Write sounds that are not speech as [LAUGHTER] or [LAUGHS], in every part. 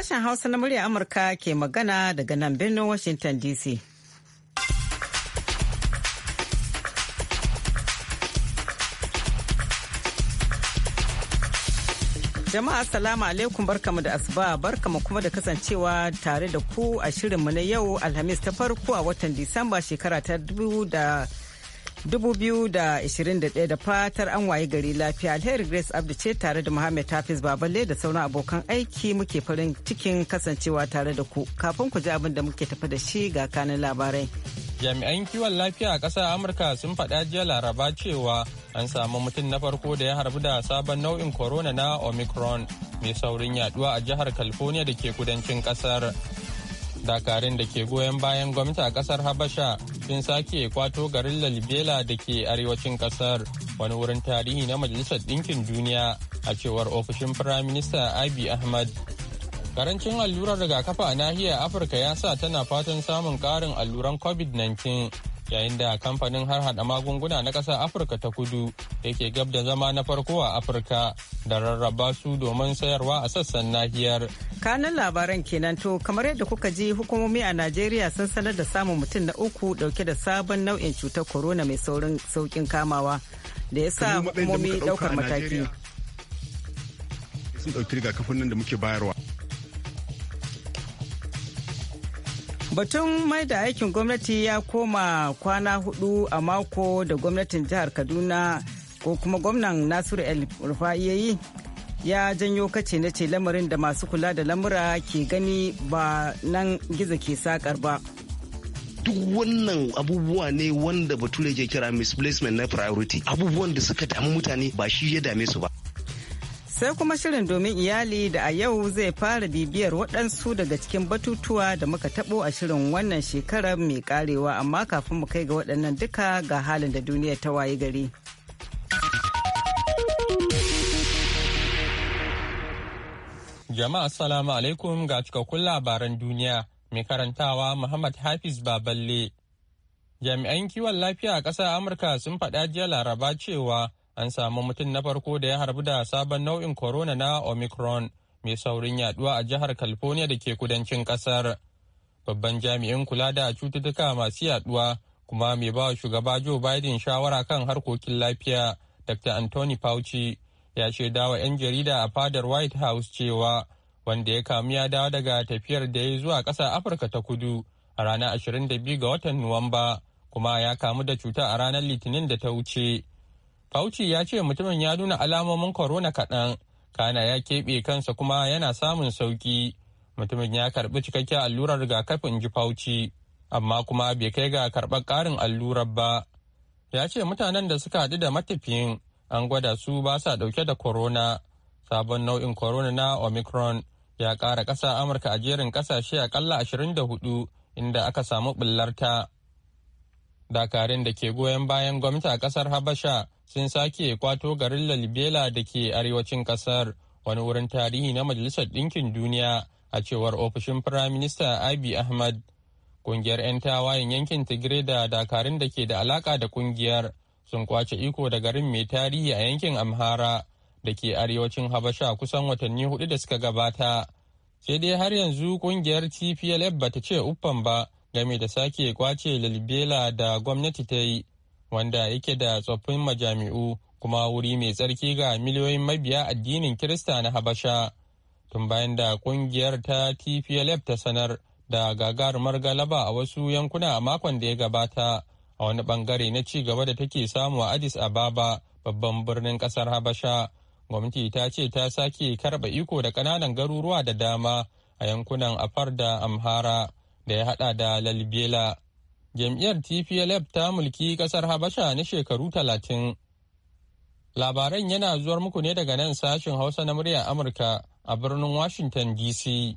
Sashen Hausa na murya Amurka ke magana daga nan birnin Washington DC. Jama'a salamu alaikum barkamu da asuba barkamu kuma da kasancewa tare da ku a shirinmu na yau Alhamis ta farko a watan Disamba shekara ta 2021 da fatar an waye gari lafiya alheri grace abdu ce tare da muhammed tafis baballe da sauran abokan aiki muke farin cikin kasancewa tare da ku kafin ku ji abin da muke tafi da shi ga kanin labarai jami'an kiwon lafiya a ƙasar amurka sun faɗa jiya laraba cewa an samu mutum na farko da ya harbu da sabon nau'in corona na omicron mai saurin yaduwa a jihar california da ke kudancin kasar. dakarun da ke goyon bayan gwamnati a kasar habasha sun sake kwato garin lalibela da ke arewacin kasar wani wurin tarihi na majalisar ɗinkin duniya a cewar ofishin firayim minista abi ahmad karancin allurar rigakafa a nahiyar afirka ya sa tana fatan samun karin alluran covid-19 yayin da kamfanin har hada magunguna na kasar afirka ta kudu yake gab da zama na farko a afirka da rarraba su domin sayarwa a sassan nahiyar kanan labaran kenan to kamar yadda kuka ji hukumomi a najeriya sun sanar da samun mutum na uku dauke da sabon nau'in cutar corona mai saurin saukin kamawa da ya sa hukumomi daukar mataki da muke bayarwa Batun mai da aikin gwamnati ya koma kwana hudu a mako da gwamnatin jihar Kaduna ko kuma gwamnan Nasiru El Rufai ya ya janyo kace na ce lamarin da masu kula da lamura ke gani ba nan gizo ke sakar ba. duk wannan abubuwa ne wanda bature ke kira misplacement na priority abubuwan da suka damu mutane ba shi ya dame su ba sai kuma shirin domin iyali da a yau zai fara bibiyar waɗansu daga cikin batutuwa da muka taɓo a shirin wannan shekarar mai karewa amma kafin mu kai ga waɗannan duka ga halin da duniya ta waye gari. Jama'a salamu alaikum ga cikakkun labaran duniya mai karantawa Muhammad Hafiz Baballe. Jami'an kiwon lafiya a ƙasar Amurka sun faɗa jiya laraba cewa an samu mutum na farko da ya harbu da sabon nau'in corona na omicron mai saurin yaduwa a jihar california da ke kudancin kasar babban jami'in kula da cututtuka masu yaduwa kuma mai ba shugaba joe biden shawara kan harkokin lafiya dr anthony fauci ya shaidawa 'yan jarida a fadar white house cewa wanda ya kamu ya dawo daga tafiyar da ya zuwa ƙasa afirka ta kudu a ranar 22 ga watan nuwamba kuma ya kamu da cuta a ranar litinin da ta wuce Fauci ya ce mutumin ya nuna alamomin corona kaɗan, kana ya keɓe kansa kuma yana samun sauki. Mutumin ya karɓi cikakken allurar rigakafin ji Fauci, amma kuma bai kai ga karɓar ƙarin allurar ba. Ya ce mutanen da suka haɗu da matafiyin an gwada su ba sa ɗauke da Korona. Sabon nau'in corona na Omicron ya ƙara ƙasa Amurka a jerin ƙasashe aƙalla 24 inda aka samu ɓullarta. dakarun da ke goyon bayan gwamnati a kasar habasha sun sake kwato garin lalibela da ke arewacin kasar wani wurin tarihi na majalisar ɗinkin duniya a cewar ofishin firaminista abi ahmad kungiyar 'yan tawayen yankin tigre da dakarun da ke da alaka da kungiyar sun kwace iko da garin mai tarihi a yankin amhara da ke arewacin habasha kusan watanni hudu da suka gabata sai dai har yanzu kungiyar tplf bata ce uffan ba game da sake kwace lalbela da gwamnati ta yi wanda yake da tsoffin majami'u kuma wuri mai tsarki ga miliyoyin mabiya addinin kirista na habasha tun bayan da kungiyar ta tplf ta sanar da gagarumar galaba a wasu yankuna a makon da ya gabata a wani bangare na ci gaba da take samu a addis ababa babban birnin kasar habasha gwamnati ta ce ta sake karba iko da kananan garuruwa da dama a yankunan afar da amhara da ya hada da lalbela jam'iyyar tplf ta mulki kasar habasha na shekaru talatin labaran yana zuwar muku ne daga nan sashen hausa na muryar amurka a birnin washington dc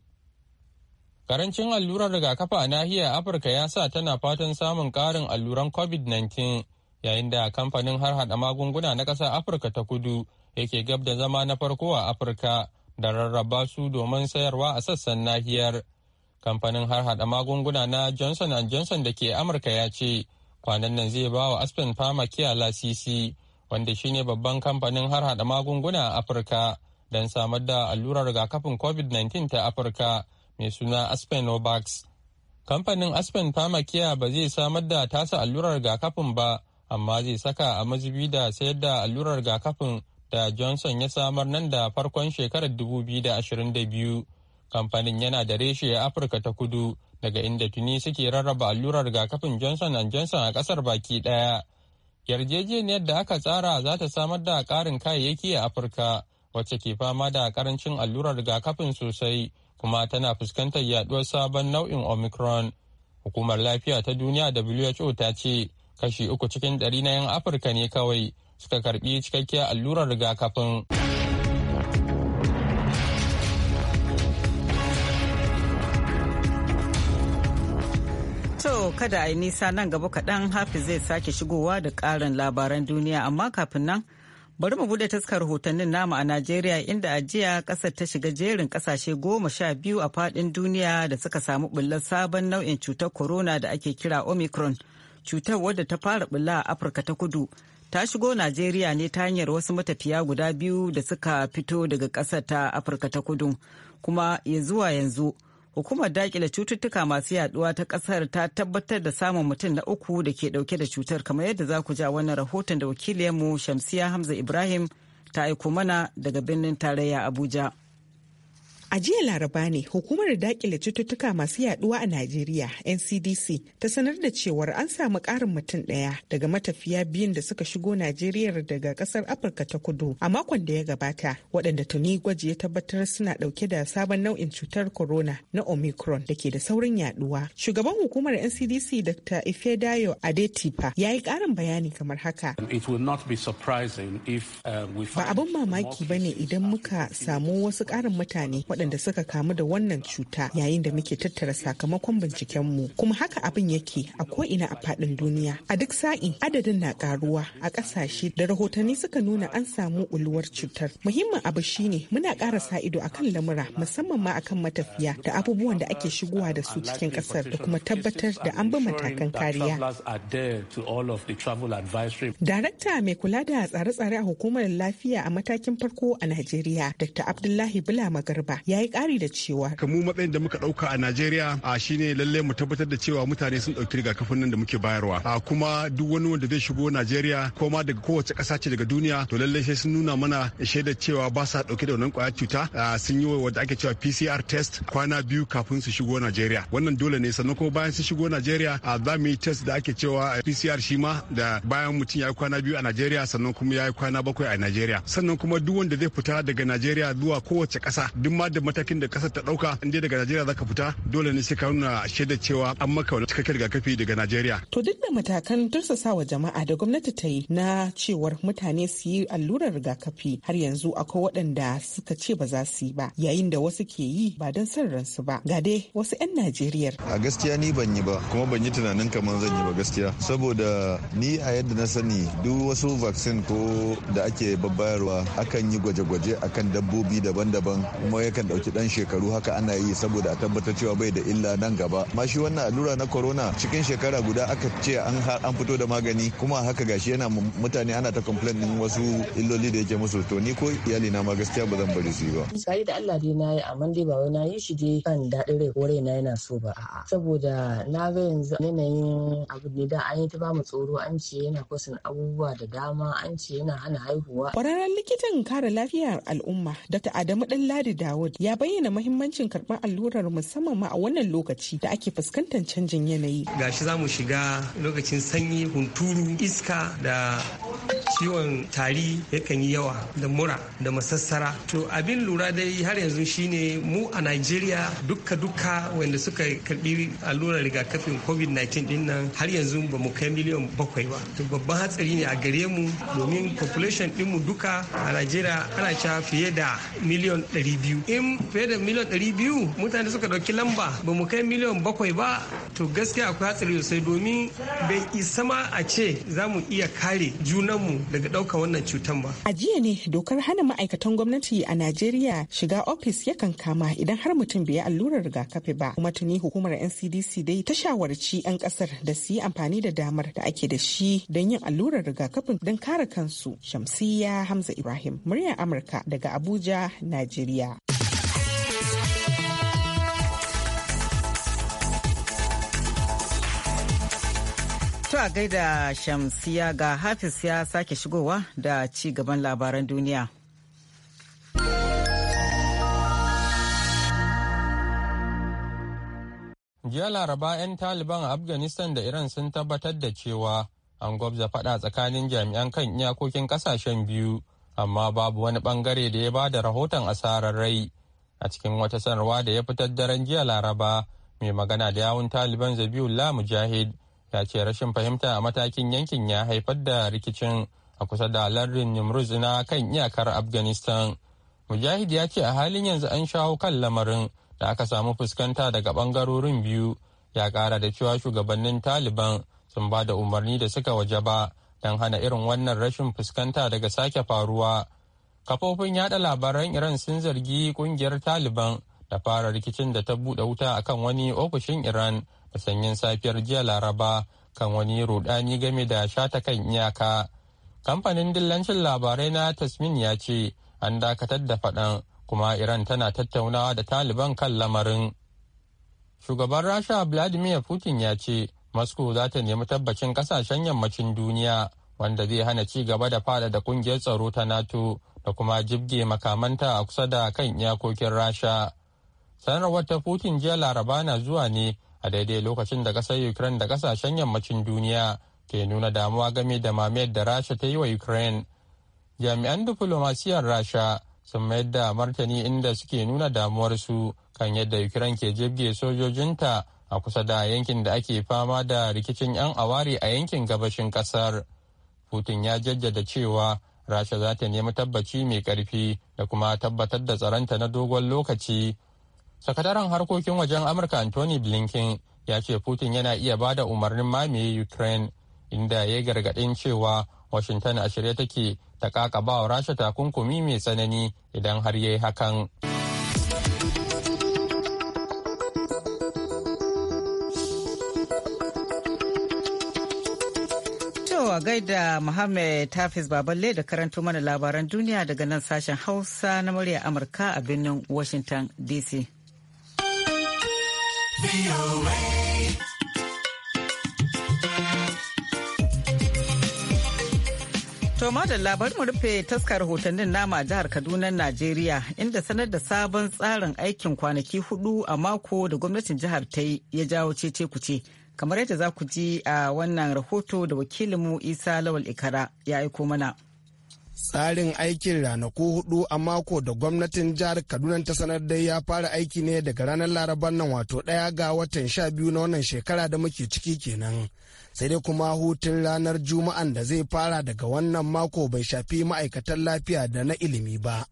karancin allurar rigakafa a nahiyar afirka ya sa tana fatan samun karin alluran covid-19 yayin da kamfanin har hada magunguna na ƙasa afirka ta kudu yake gab da zama na farko a afirka da rarraba su domin sayarwa a sassan nahiyar kamfanin har hada magunguna na johnson johnson da ke amurka ya ce kwanan nan zai ba wa aspen pharmacare lasisi wanda shine babban kamfanin har hada magunguna a afirka don samar da allurar rigakafin covid-19 ta afirka mai suna obax kamfanin aspen pharmacare ba zai samar da tasa allurar rigakafin ba amma zai saka a mazubi da sayar da allurar rigakafin da johnson ya samar nan da farkon shekarar 2022 Kamfanin yana da reshe a Afirka ta kudu daga inda tuni suke rarraba allurar rigakafin Johnson Johnson a ƙasar baki ɗaya. Yarjejeniyar da aka tsara za ta samar da ƙarin kayayyaki a Afirka wacce ke fama da karancin allurar rigakafin sosai kuma tana fuskantar yaduwar sabon nau'in Omicron. Hukumar Lafiya ta Duniya WHO ta ce kashi uku cikin ɗari na 'yan Afirka ne kawai suka karbi cikakkiyar allurar rigakafin. To kada a yi nisa nan gaba kaɗan hafi zai sake shigowa da ƙarin labaran duniya amma kafin nan bari mu buɗe taskar rahotannin namu a Najeriya inda a jiya ƙasar ta shiga jerin ƙasashe goma sha biyu a faɗin duniya da suka samu ɓullar sabon nau'in cutar corona da ake kira Omicron. Cutar wadda ta fara ɓulla a Afirka ta kudu. ta shigo Najeriya ne ta hanyar wasu matafiya guda biyu da suka fito daga ƙasar ta Afirka ta kudu kuma ya zuwa yanzu Hukumar dakile cututtuka masu yaduwa ta kasar ta tabbatar da samun mutum na uku da ke dauke da cutar kamar yadda za ku ja wannan rahoton da wakiliyarmu Shamsiya Hamza Ibrahim ta aiko mana daga birnin tarayya Abuja. A jiya Laraba ne hukumar dakile cututtuka masu yaduwa a Najeriya NCDC ta sanar da cewar an samu ƙarin mutum ɗaya daga matafiya biyun da suka shigo Najeriya daga ƙasar Afirka ta kudu a makon da ya gabata waɗanda tuni gwaji ya tabbatar suna ɗauke da sabon nau'in cutar corona na Omicron da ke da saurin yaduwa. Shugaban hukumar NCDC Dr. Ifedayo Adetipa ya yi ƙarin bayani kamar haka. Uh, ba abin mamaki ba ne idan muka samu wasu ƙarin mutane waɗanda suka kamu da wannan cuta yayin da muke tattara sakamakon binciken mu. kuma haka abin yake a ko'ina a faɗin duniya a duk sa'i adadin na karuwa a ƙasashe da rahotanni suka nuna an samu uluwar cutar muhimmin abu shine muna ƙara sa ido akan lamura musamman ma akan matafiya da abubuwan da ake shigowa da su cikin ƙasar da kuma tabbatar da an bi matakan kariya darakta mai kula da tsare-tsare a hukumar lafiya a matakin farko a najeriya dr abdullahi bula magarba ya yi kari da cewa. kamu matsayin da muka ɗauka a najeriya a shine lalle mu tabbatar da cewa mutane sun ɗauki rigakafin nan da muke bayarwa a kuma duk wani wanda zai shigo najeriya ko ma daga kowace kasa ce daga duniya to lalle sai sun nuna mana shaidar cewa ba sa dauke da wannan ƙwayar cuta sun yi wanda ake cewa pcr test kwana biyu kafin su shigo najeriya wannan dole ne sannan kuma bayan su shigo najeriya za mu yi test da ake cewa pcr shi ma da bayan mutum ya yi kwana biyu a najeriya sannan kuma ya yi kwana bakwai a najeriya sannan kuma duk wanda zai fita daga najeriya zuwa kowace kasa duk ma da matakin da kasar ta dauka in dai daga Najeriya zaka fita dole ne sai ka nuna shaidar cewa an maka wani cikakken rigakafi daga Najeriya. To duk da matakan wa jama'a da gwamnati ta yi na cewar mutane su yi allurar rigakafi har yanzu akwai waɗanda suka ce ba za su yi ba yayin da wasu ke yi ba don son ransu ba ga dai wasu 'yan Najeriya. A gaskiya ni ban yi ba kuma ban yi tunanin kamar zan yi ba gaskiya saboda ni a yadda na sani duk wasu vaccine ko da ake babbayarwa akan yi gwaje-gwaje akan dabbobi daban-daban kuma yakan dauki dan shekaru haka ana yi saboda a tabbatar cewa bai da illa nan gaba ma shi wannan allura na corona cikin shekara guda aka ce an an fito da magani kuma haka gashi yana mutane ana ta complain din wasu illoli da yake musu to ni ko iyali na ma gaskiya ba zan bari su yi ba sai da Allah dai nayi amma dai ba wai na yi shi dai kan daɗin rai ko na yana so ba a'a saboda na ga yanzu yanayin abu ne da an yi ta bamu tsoro an ce yana kwasan abubuwa da dama an ce yana hana haihuwa kwararren likitan kare lafiyar al'umma Dr. Adamu Ladi Dawud ya bayyana mahimmancin karɓar allurar musamman ma a wannan lokaci da ake fuskantar canjin yanayi. Gashi za mu shiga lokacin sanyi, hunturu, iska da ciwon tari yakan yi yawa da mura da masassara. To abin lura dai har yanzu shine mu a Najeriya duka duka wanda suka karɓi allurar rigakafin COVID-19 din nan har yanzu ba mu kai miliyan bakwai ba. To babban hatsari ne a gare mu domin population ɗinmu duka a Najeriya ana cewa fiye da miliyan 200. cikin fiye da miliyan ɗari biyu mutane suka ɗauki lamba ba mu kai miliyan bakwai ba to gaskiya akwai hatsari sosai domin bai isa ma a ce za mu iya kare junanmu daga ɗaukar wannan cutar ba. A jiya ne dokar hana ma'aikatan gwamnati a Najeriya shiga ofis yakan kama idan har mutum bai yi allurar rigakafi ba. Kuma tuni hukumar NCDC dai ta shawarci 'yan ƙasar da su yi amfani da damar da ake da shi don yin allurar rigakafin don kare kansu. Shamsiyya Hamza Ibrahim, muryar Amurka daga Abuja, Najeriya. To a gaida Shamsiya ga Hafiz ya sake shigowa da ci gaban labaran duniya. Jiya Laraba 'yan Taliban a Afghanistan da Iran sun tabbatar da cewa an gwabza faɗa tsakanin jami'an kan iyakokin ƙasashen biyu, amma babu wani ɓangare da ya ba da rahoton asarar rai. A cikin wata sanarwa da ya fitar daren jiya Laraba, mai magana da yawun Taliban Zabiullah Mujahid ta ce rashin fahimta a matakin yankin ya haifar da rikicin a kusa da lardin nimruz na kan iyakar afghanistan mujahid ya ce a halin yanzu an shawo kan lamarin da aka samu fuskanta daga bangarorin biyu ya kara da cewa shugabannin taliban sun ba da umarni da suka waje ba don hana irin wannan rashin fuskanta daga sake faruwa kafofin yada labaran iran sun zargi kungiyar taliban da fara rikicin da ta buɗe wuta akan wani ofishin iran da sanyin safiyar jiya laraba kan wani rudani game da shata kan iyaka kamfanin dillancin labarai na tasmin ya ce an dakatar da faɗan kuma iran tana tattaunawa da taliban kan lamarin shugaban rasha vladimir putin ya ce moscow za ta nemi tabbacin kasashen yammacin duniya wanda zai hana ci gaba da fada da kungiyar tsaro ta nato da kuma jibge makamanta a kusa da kan iyakokin rasha sanarwar ta putin jiya laraba na zuwa ne a daidai lokacin da kasar ukraine da kasashen yammacin duniya ke nuna damuwa game da mamayar da rasha ta yi wa ukraine jami'an diflomasiyyar rasha sun mayar da martani inda suke nuna damuwarsu kan yadda ukraine ke jibge sojojinta a kusa da yankin da ake fama da rikicin 'yan awari a yankin gabashin kasar putin ya jaddada cewa rasha za ta nemi tabbaci mai karfi da kuma tabbatar da tsaronta na dogon lokaci sakataren harkokin wajen amurka anthony blinken ya ce putin yana iya ba da umarnin mamaye ukraine inda ya gargaɗin cewa washington a shirye take ta kakaba wa rasha takunkumi mai tsanani idan har ya yi hakan a gaida Muhammad Tafis Baballe da karanto mana labaran duniya daga nan sashen Hausa na murya Amurka a birnin Washington DC. To madalla bari mu rufe taskar rahotannin nama jihar Kaduna Najeriya inda sanar da sabon tsarin aikin kwanaki hudu a mako da gwamnatin jihar ta yi ya jawo cece kuce. Kamar yadda za ku ji a wannan rahoto da wakilinmu Isa Lawal Ikara ya aiko mana. tsarin aikin ranaku hudu a mako da gwamnatin jihar kaduna ta sanar da ya fara aiki ne daga ranar laraban nan wato daya ga watan sha biyu na wannan shekara da muke ciki kenan sai dai kuma hutun ranar juma'an da zai fara daga wannan mako bai shafi ma'aikatan lafiya da na ilimi ba.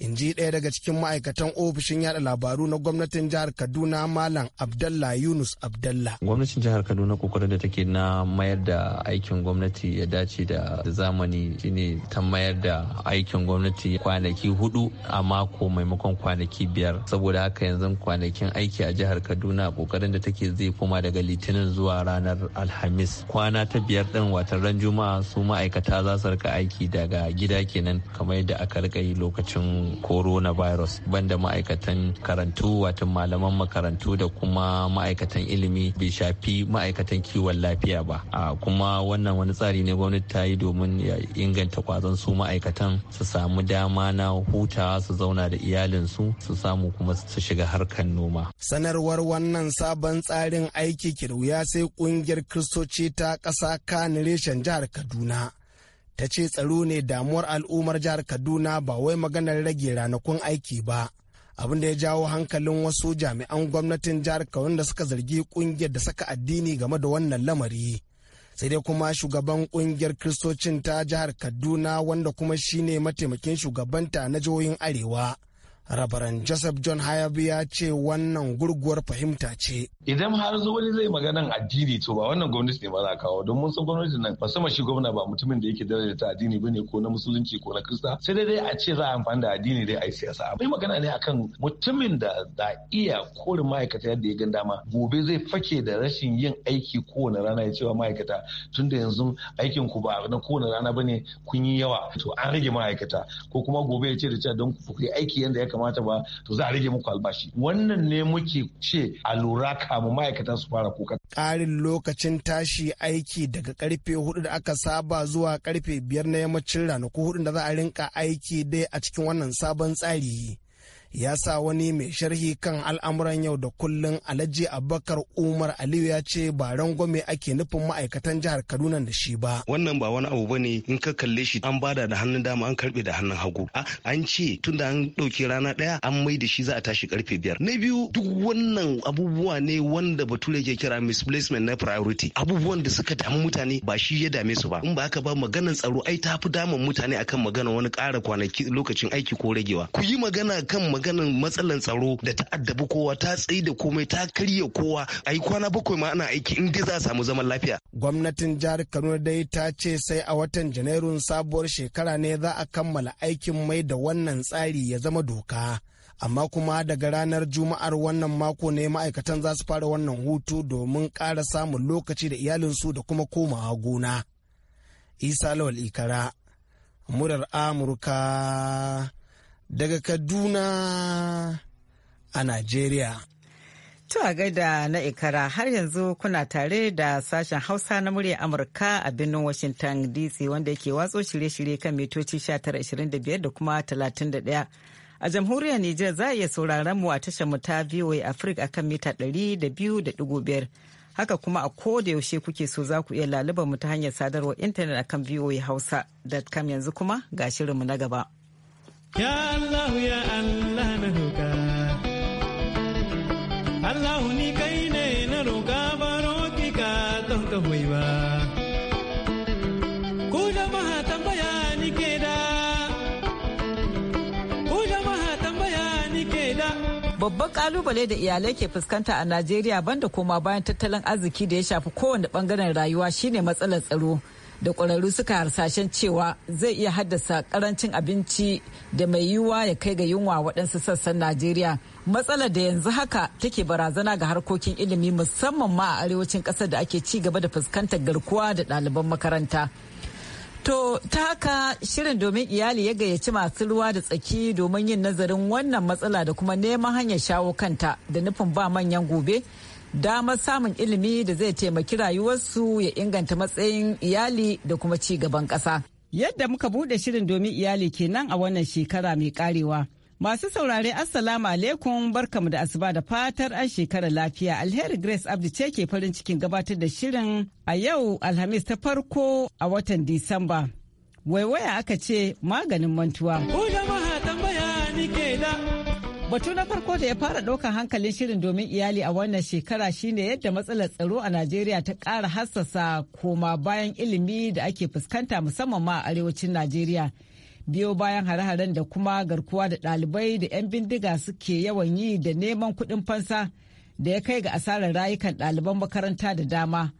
in ji ɗaya daga cikin ma'aikatan ofishin yada labaru na gwamnatin jihar kaduna malam abdallah yunus abdallah gwamnatin jihar kaduna kokarin da take na mayar da aikin gwamnati ya dace da zamani shine ta mayar da aikin gwamnati kwanaki hudu a mako maimakon kwanaki biyar saboda haka yanzu kwanakin aiki a jihar kaduna kokarin da take zai koma daga litinin zuwa ranar alhamis kwana ta biyar din watan ran juma'a su ma'aikata za su rika aiki daga gida kenan kamar yadda aka rika yi lokacin coronavirus banda ma'aikatan karantu watan malaman makarantu da kuma ma'aikatan ilimi bai shafi ma'aikatan kiwon lafiya ba kuma wannan wani tsari ne gwamnati ta yi domin ya inganta kwazon su ma'aikatan su samu dama na hutawa su zauna da iyalinsu su samu kuma su shiga harkan noma sanarwar wannan sabon tsarin aiki kirwiya sai kungiyar kristoci ta kasa kan reshen jihar kaduna ta ce tsaro ne damuwar al'ummar jihar kaduna ba wai maganar rage ranakun aiki ba abin da ya jawo hankalin wasu jami'an gwamnatin jihar kaduna da suka zargi kungiyar da saka addini game da wannan lamari sai dai kuma shugaban kungiyar kiristocin ta jihar kaduna wanda kuma shine mataimakin shugabanta na jihohin arewa rabaran joseph john hayab ya ce wannan gurguwar fahimta ce idan har zo wani zai maganan addini to ba wannan gwamnati ne ba za kawo don mun san gwamnati nan shi gwamna ba mutumin da yake daraja ta addini bane ko na musulunci ko na kirista sai dai dai a ce za a amfani da addini dai a yi siyasa mai magana ne akan mutumin da za iya kore ma'aikata yadda ya gan dama gobe zai fake da rashin yin aiki kowane rana ya cewa ma'aikata tun da yanzu aikin ku ba na kowane rana bane kun yi yawa to an rage ma'aikata ko kuma gobe ya ce da cewa don ku yi aiki yadda ya kamata ba to za a rage muku albashi wannan ne muke ce a lura kamun ma'aikata su fara kuka ƙarin lokacin tashi aiki daga karfe hudu da aka saba zuwa karfe biyar na yammacin ranaku hudu da za a rinka aiki dai a cikin wannan sabon tsari ya sa wani mai sharhi kan al'amuran yau da kullun alhaji abubakar umar aliyu ya ce ba rangwame ake nufin ma'aikatan jihar kaduna da shi ba wannan ba wani abu bane in ka kalle shi an bada da hannun dama an karbe da hannun hagu an ce tun da an dauke rana ɗaya an mai da shi za a tashi karfe biyar na biyu duk wannan abubuwa ne wanda bature ke kira misplacement na priority abubuwan da suka damu mutane ba shi ya dame su ba in ba haka ba maganar tsaro ai ta fi damun mutane akan magana wani kara kwanaki lokacin aiki ko ragewa ku yi magana kan Maganar matsalar tsaro da ta addabi kowa ta tsayi da komai ta karya kowa a yi kwana bakwai ma ana aiki in dai za a samu zaman lafiya. Gwamnatin jihar Kano dai ta ce sai a watan Janairun sabuwar shekara ne za a kammala aikin mai da wannan tsari ya zama doka. amma kuma daga ranar juma'ar wannan mako ne ma'aikatan za su fara wannan hutu domin ƙara samun lokaci da iyalinsu da kuma komawa gona isa lawal ikara murar amurka daga Kaduna a Najeriya. To a gaida na ikara har yanzu kuna tare da sashen Hausa na murya Amurka a birnin Washington DC wanda yake watso shirye-shirye kan mitoci 1925 da kuma 31. A jamhuriyar Nijar za a iya sauraron mu a tashar mu ta VOA Africa akan mita 200.5. Haka kuma a koda yaushe kuke so za ku iya lalubar mu ta hanyar sadarwar intanet akan hausa.com yanzu kuma ga shirinmu na gaba. Ya Allah ya Allah na roƙa. Allah ni kai ne na roƙa baro ki ka don ka ba. Ku jama'a tambaya ni ke da. Ku jama'a tambaya ni ke da. Babban kalubale da iyalai ke fuskanta a Najeriya banda koma bayan tattalin arziki da ya shafi kowane bangaren rayuwa shine matsalar tsaro. da ƙwararru suka harsashen cewa zai iya haddasa karancin abinci da mai yiwuwa ya kai ga yunwa waɗansu sassan najeriya matsalar da yanzu haka take barazana ga harkokin ilimi musamman ma a arewacin ƙasar da ake ci gaba da fuskantar garkuwa da ɗaliban makaranta To ta haka shirin domin iyali ya gayyaci masu ruwa da tsaki domin yin nazarin wannan matsala da kuma neman hanyar shawo kanta da nufin ba manyan gobe damar samun ilimi da zai taimaki rayuwarsu ya inganta matsayin iyali da kuma ci gaban ƙasa. Yadda muka buɗe shirin domin iyali kenan a wannan shekara mai karewa. Masu saurare Assalamu alaikum barkamu da asuba da fatar an shekara lafiya alheri Grace Abdi ce ke farin cikin gabatar da shirin a yau Alhamis ta farko a watan Disamba. Waiwaya aka ce maganin mantuwa. Batu na farko da ya fara ɗaukar hankalin shirin domin iyali a wannan shekara shine yadda matsalar tsaro a Najeriya ta ƙara hassasa koma bayan ilimi da ake fuskanta musamman ma a arewacin Najeriya. Biyo bayan hare-haren da kuma garkuwa da ɗalibai da 'yan bindiga suke yawan yi da neman kuɗin fansa da ya kai ga asarar rayukan ɗaliban makaranta da dama.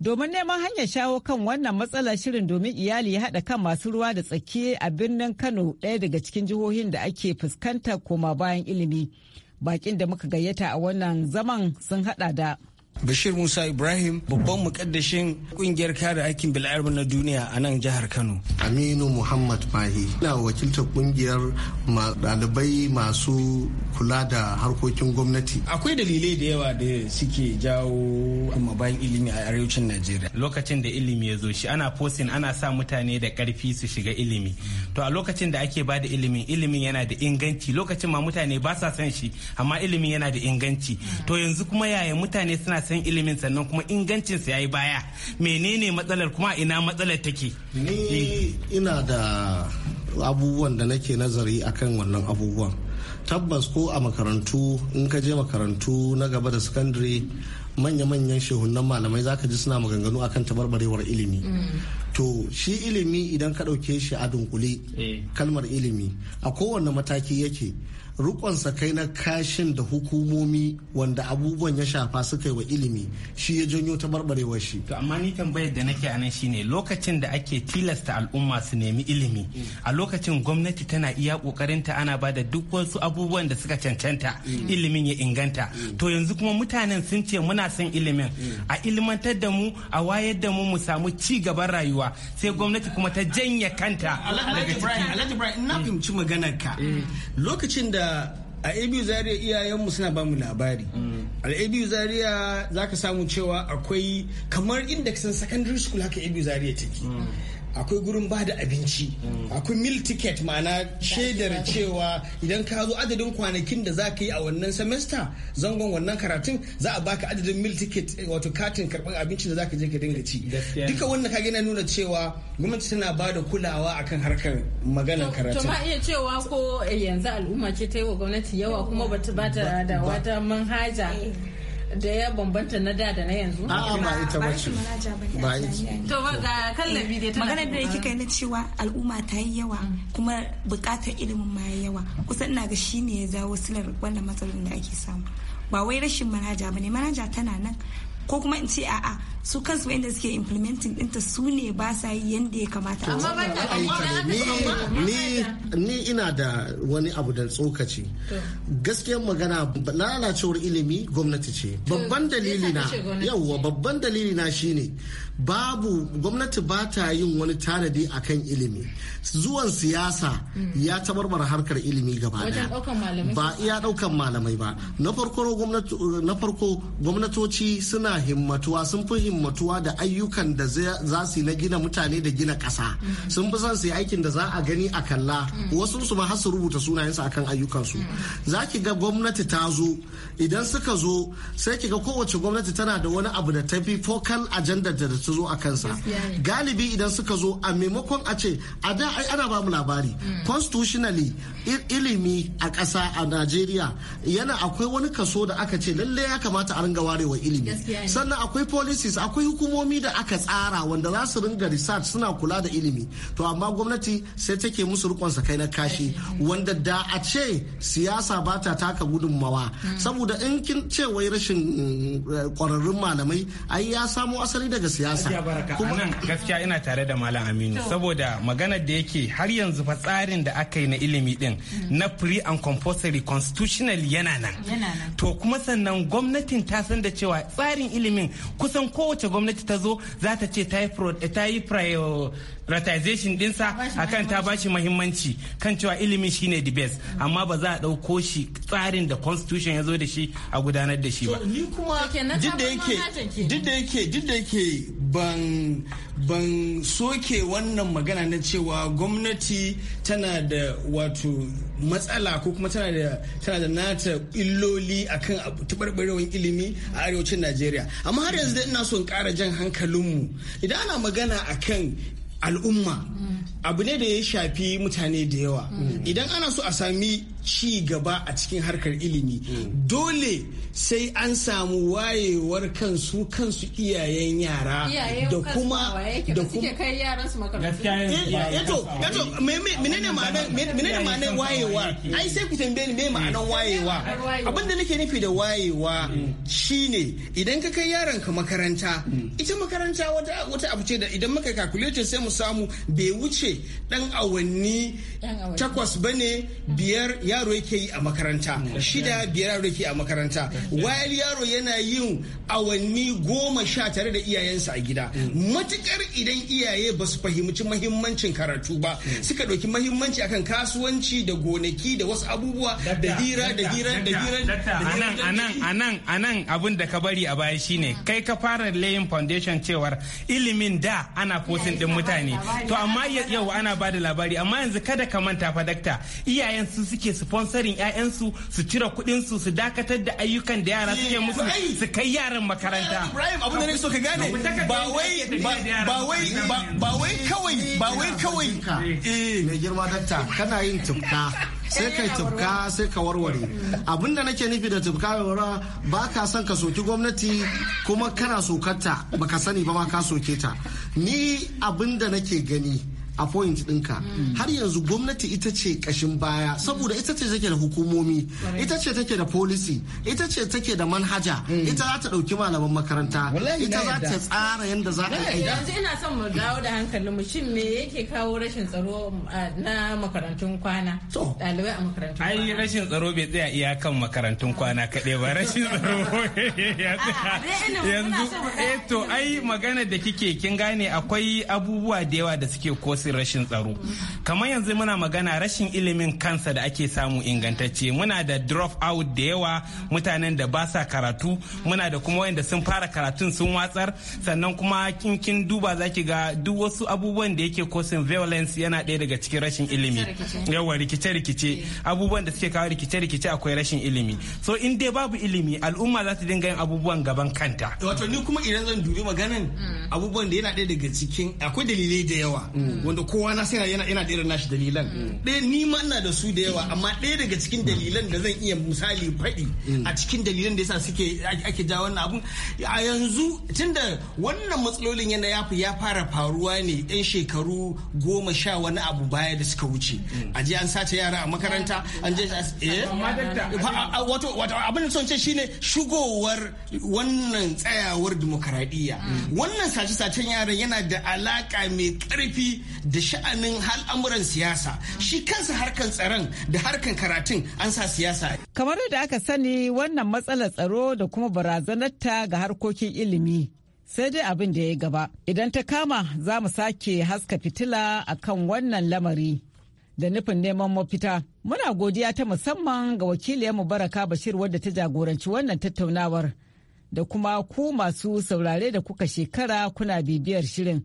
Domin neman hanyar shawo kan wannan matsalar shirin domin iyali ya haɗa kan masu ruwa da tsaki a birnin Kano ɗaya daga cikin jihohin da ake fuskantar koma bayan ilimi. Bakin da muka gayyata a wannan zaman sun haɗa da Bashir Musa Ibrahim babban mukaddashin kungiyar kare aikin bil'adama na duniya a nan jihar Kano. Aminu Muhammad Mahi ina wakiltar kungiyar ɗalibai masu kula da harkokin gwamnati. Akwai dalilai da yawa da suke jawo amma bayan ilimi a arewacin Najeriya. Lokacin da ilimi ya zo shi ana posting ana sa mutane da karfi su shiga ilimi. To a lokacin da ake bada ilimi ilimin yana da inganci lokacin ma mutane ba sa son shi amma ilimin yana da inganci. To yanzu kuma yaya mutane suna san ilimin sannan kuma ingancinsa ya yi baya menene matsalar kuma ina matsalar take ni ina da abubuwan da nake nazari akan wannan abubuwan tabbas ko a makarantu in ka je makarantu na gaba da sakandare manya-manyan shehunan malamai za ka ji suna maganganu akan tabarbarewar ilimi to shi ilimi idan ka ɗauke shi a dunkule eh. kalmar ilimi a kowane mataki yake rukonsa kai na kashin da hukumomi wanda abubuwan ya shafa suka yi wa ilimi shi ya janyo ta barbarewar shi to amma ni tambayar da nake anan shine lokacin da ake tilasta al'umma su nemi ilimi a lokacin gwamnati tana iya kokarinta ana ba da duk wasu abubuwan da suka cancanta ilimin ya inganta to yanzu kuma mutanen sun ce muna son ilimin a ilimantar da mu a wayar da mu mu samu ci gaban rayuwa sai gwamnati kuma ta janya kanta alhaji ibrahim alhaji ibrahim ina fahimci maganar ka eh. lokacin da a abu zaria iyayenmu suna bamu labari mm. a abu zaria za ka samu cewa akwai kamar inda kasan secondary school haka abu zaria take mm. akwai gurin ba da abinci mm. akwai mil ticket ma'ana shaidar cewa idan ka zo adadin kwanakin da za ka yi a wannan semester zangon wannan karatun za a baka adadin mil ticket eh, wato katin karɓar abincin da za ka je ka dinga ci duka wannan kage na nuna cewa gwamnati tana ba da kulawa akan harkar maganar karatu to ma iya cewa ko eh, yanzu al'umma ce ta yi wa gwamnati yawa kuma ba ta da wata manhaja eh. da ya bambanta na da da na yanzu a'a ba ita ba ce ba to ba ga kallabi dai magana da yake kai na cewa al'umma ta yi yawa mm. kuma bukatar ilimin ma ya yawa kusan ina ga shi ne ya zawo silar wannan matsalolin da ake samu ba wai rashin manaja bane manaja tana nan ko kuma in ce a'a su kansu wanda suke implementing dinta su ne ba sa yi yadda ya kamata ni ina da wani abu da tsokaci gaskiyar magana lalacewar ilimi gwamnati ce babban dalili na yawwa babban dalili na shine babu gwamnati ba ta yin wani tanadi a kan ilimi zuwan siyasa ya tabarbar harkar ilimi gaba daya ba iya daukan malamai ba na farko gwamnatoci suna himmatuwa sun fi himmatuwa da ayyukan da za su na gina mutane da gina kasa mm. sun fi son su yi aikin da za a gani a kalla mm. wasu su ma har su rubuta sunayensu akan ayyukansu mm. za ki ga gwamnati ta zo idan suka zo sai ki ga kowace gwamnati tana da wani abu da ta fi focal agenda da su zo a kansa galibi idan suka zo a maimakon a ce a da ana ba mu labari hmm. constitutionally ilimi a ƙasa a najeriya yana akwai wani kaso da aka ce lalle ya kamata a ringa warewa ilimi sannan akwai policies akwai hukumomi da aka tsara wanda za su ringa research suna kula da ilimi to amma gwamnati sai take musu rikon kai na kashi hmm. wanda da a ce siyasa ba ta taka gudunmawa hmm. saboda in kin ce wai rashin kwararrun eh, malamai ai ya samo asali daga siyasa sa kuma gaskiya ina tare da malam aminu saboda maganar da yake har yanzu fa tsarin da aka yi na ilimi din mm. na free and compulsory constitutional yana nan to kuma sannan gwamnatin ta san da cewa tsarin ilimin kusan kowace gwamnati ta zo za ta ce ta yi Ratization dinsa akan ta bashi mahimmanci kan cewa ilimi shine the best mm. amma ba za a ɗauko shi tsarin da constitution ya zo da shi a gudanar da shi ba ni kuma duk da yake duk da yake duk da yake ban ban soke wannan magana na cewa gwamnati tana da wato matsala ko kuma tana da tana da nata illoli akan taɓarɓarewar ilimi a arewacin Najeriya amma har yanzu ina son ƙara jan hankalinmu idan ana magana akan al'umma mm. abu ne da ya shafi mutane da yawa mm. idan ana so a sami ci gaba a cikin harkar ilimi mm. dole sai an samu wayewar kansu kansu iyayen yara da kuma da kuma kai yaran su makarantu yato eh, eh, yato eh, menene ma'anar menene ma'anar wayewa ai sai ku tambaye ni me ma'anar mm. wayewa abinda nake nufi da wayewa mm. shine idan ka kai yaran ka makaranta ita makaranta wata wata abu ce da idan muka calculate sai mu samu bai wuce dan awanni takwas bane biyar yaro yake yi a makaranta mm. shida biyar yaro yake a makaranta mm. wayar yaro yana yin awanni goma sha tare da iyayensa a gida mm. matukar idan iyaye ba su fahimci mahimmancin karatu ba suka ɗauki mahimmanci akan kasuwanci da gonaki da wasu abubuwa da hira da hira da hira anan anan anan abin da ka bari a baya shine kai ka fara layin foundation cewar ilimin da ana fosin din mutane to amma yau ana ba da labari amma yanzu kada ka manta fa dakta iyayen su suke su sponsorin 'ya'yansu su cire kuɗin su su dakatar da ayyukan da yara suke musu su kai yaran makaranta. Ibrahim abin da nake so ka gane ba wai ba wai ba wai kawai ba wai kawai eh, eh. mai girma dakta kana yin tufka sai kai tufka sai ka warware abin da nake nufi da tufka yawara ba ka son ka soki gwamnati kuma kana sokarta baka sani ba ma ka soke ta ni abin da nake gani a point ɗinka mm. har yanzu gwamnati ita ce kashin baya saboda ita ce take da hukumomi ita ce take da policy ita ce take da manhaja mm. ita za ta ɗauki malaman makaranta ita za ta tsara yadda za ta yi yanzu ina son mu dawo da hankali mu shin me yake kawo rashin tsaro na makarantun kwana ɗalibai a makarantun kwana ai rashin tsaro bai tsaya iya kan makarantun kwana kaɗai ba rashin [LAUGHS] tsaro [LAUGHS] yanzu eh to ai magana da kike kin gane akwai abubuwa da yawa da suke kosa akasin rashin tsaro kamar yanzu muna magana rashin ilimin kansa da ake samu ingantacce muna da drop out da yawa mutanen da ba sa karatu muna da kuma wayanda sun fara karatun sun watsar sannan kuma kinkin duba zaki ga duk wasu abubuwan da yake kosin violence yana ɗaya daga cikin rashin ilimi yawa rikice-rikice abubuwan da suke kawo rikice-rikice akwai rashin ilimi so in dai babu ilimi al'umma za su dinga yin abubuwan gaban kanta wato ni kuma idan zan dubi maganan mm. abubuwan da yana ɗaya daga cikin akwai dalilai da yawa mm. wanda kowa na sai yana yana da irin nashi dalilan mm. ɗaya ni ma ina da su da yawa amma ɗaya daga cikin mm. dalilan da zan iya misali faɗi mm. a cikin dalilan da yasa suke ake ja wannan abun a yanzu tunda wannan matsalolin yana yafi ya fara faruwa ne yan shekaru goma sha wani abu baya da suka wuce a je an sace yara a makaranta an je eh? wato wato abin da son ce shine shigowar wannan tsayawar dimokuraɗiyya wannan sace-sacen yaran yana da alaka mai ƙarfi da sha'anin al'amuran siyasa shi kansa harkan tsaron da harkan karatun an sa siyasa kamar da aka sani wannan matsalar tsaro da kuma barazanarta ga harkokin ilimi sai dai abin da ya gaba idan ta kama za mu sake haska fitila akan wannan lamari da nufin neman mafita. Muna godiya ta musamman ga mu Baraka Bashir wadda ta jagoranci wannan tattaunawar da kuma ku masu saurare da kuka shekara kuna bibiyar shirin.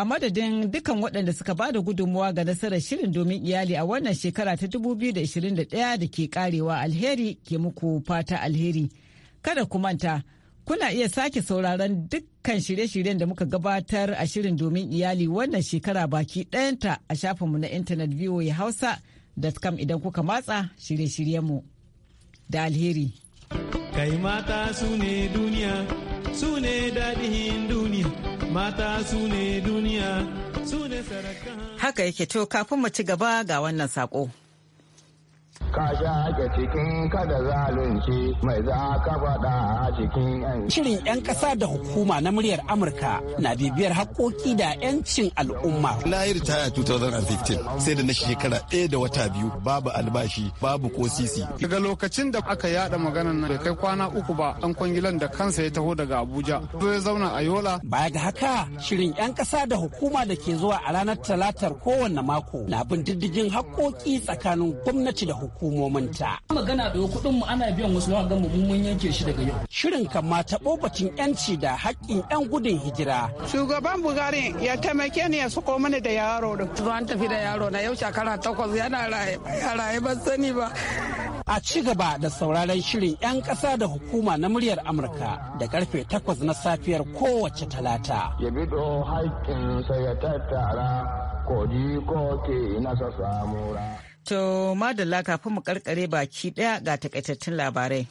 a madadin dukkan waɗanda suka ba da gudunmuwa ga nasarar shirin domin iyali a wannan shekara ta 2021 da ke karewa alheri ke muku fata alheri kada ku manta kuna iya sake sauraron dukkan shirye-shiryen da muka gabatar a shirin domin iyali wannan shekara baki ɗayanta a shafinmu na intanet voa hausa.com idan kuka matsa shirye-shiryenmu da alheri kai mata su ne duniya su ne daɗin duniya mata su ne duniya su ne sarakan haka yake to kafin mu ci gaba ga wannan sako Ka yan. Shirin 'yan ƙasa da hukuma na muryar Amurka na bibiyar haƙoƙi da 'yancin al'umma. Na yi ritaya 2015 sai da na shekara ɗaya da wata biyu babu albashi babu ko sisi. Daga lokacin da aka yaɗa maganar na bai kai kwana uku ba an kwangilan da kansa ya taho daga Abuja. To ya zauna a Yola. Baya ga haka shirin 'yan ƙasa da hukuma da ke zuwa a ranar talatar kowanne mako na bin diddigin haƙoƙi tsakanin gwamnati da hukuma. hukumominta. Magana da kuɗin mu ana biyan wasu lawa mu mun yanke shi daga yau. Shirin kan ma taɓo batun 'yanci da haƙƙin 'yan gudun hijira. Shugaban Bugari ya taimake ni ya suko mana da yaro da. an tafi da yaro na yau shekara takwas yana raye ba raye sani ba. A ci gaba da sauraron shirin 'yan ƙasa da hukuma na muryar Amurka da karfe takwas na safiyar kowace talata. Ya bido haƙƙinsa ya tattara ko ke nasa samura. To madalla kafin mu karkare baki daya ga takaitattun labarai.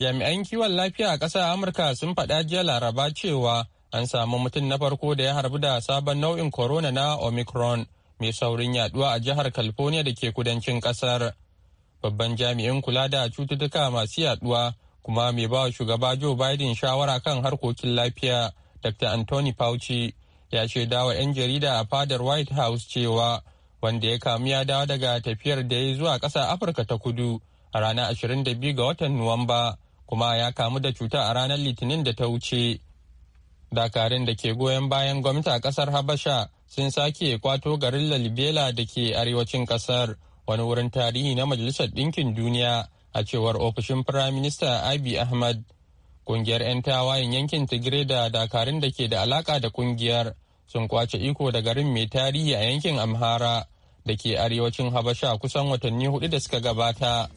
Jami'an kiwon lafiya a ƙasar Amurka sun faɗa jiya laraba cewa an samu mutum na farko da ya harbu da sabon nau'in corona na Omicron mai saurin yaduwa a jihar California da ke kudancin ƙasar. Babban jami'in kula da cututtuka masu yaduwa kuma mai ba shugaba Joe Biden shawara kan harkokin lafiya Dr. Anthony Fauci ya ce dawa 'yan jarida a fadar white house cewa wanda ya kamu ya dawo daga tafiyar da ya zuwa ƙasa afirka ta kudu a ranar 22 ga watan nuwamba kuma ya kamu da cuta a ranar litinin da ta wuce dakarun da ke goyon bayan gwamnati a ƙasar habasha sun sake kwato garin lalibela da ke arewacin ƙasar wani wurin tarihi na majalisar ɗinkin duniya a cewar ofishin firaminista abi ahmad ƙungiyar 'yan tawayen yankin tigre da dakarun da ke da alaka da ƙungiyar. sun kwace iko da garin mai tarihi a yankin amhara da ke arewacin habasha kusan watanni hudu da suka gabata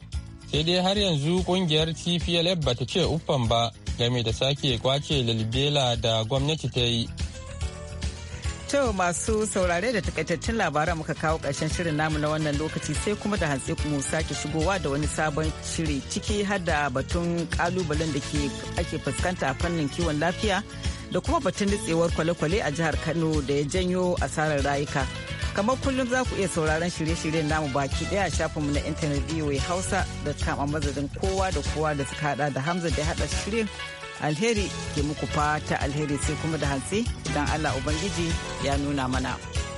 sai dai har yanzu kungiyar tplf ba ta ce uffan ba game da sake kwace lalbela da gwamnati ta yi To masu saurare da takaitattun labaran muka kawo karshen shirin namu na wannan lokaci sai kuma da hantsi mu sake shigowa da wani sabon shiri ciki har da batun kalubalen da ake fuskanta a fannin kiwon lafiya da kuma batun nitsewar kwale-kwale a jihar Kano da ya janyo asarar rayuka. Kamar kullum za ku iya sauraron shirye-shiryen namu baki ɗaya a shafinmu na intanet VOA Hausa da kama mazadin kowa da kowa da suka hada da Hamza da ya haɗa shirin alheri ke muku fata alheri sai kuma da hantsi idan Allah Ubangiji ya nuna mana.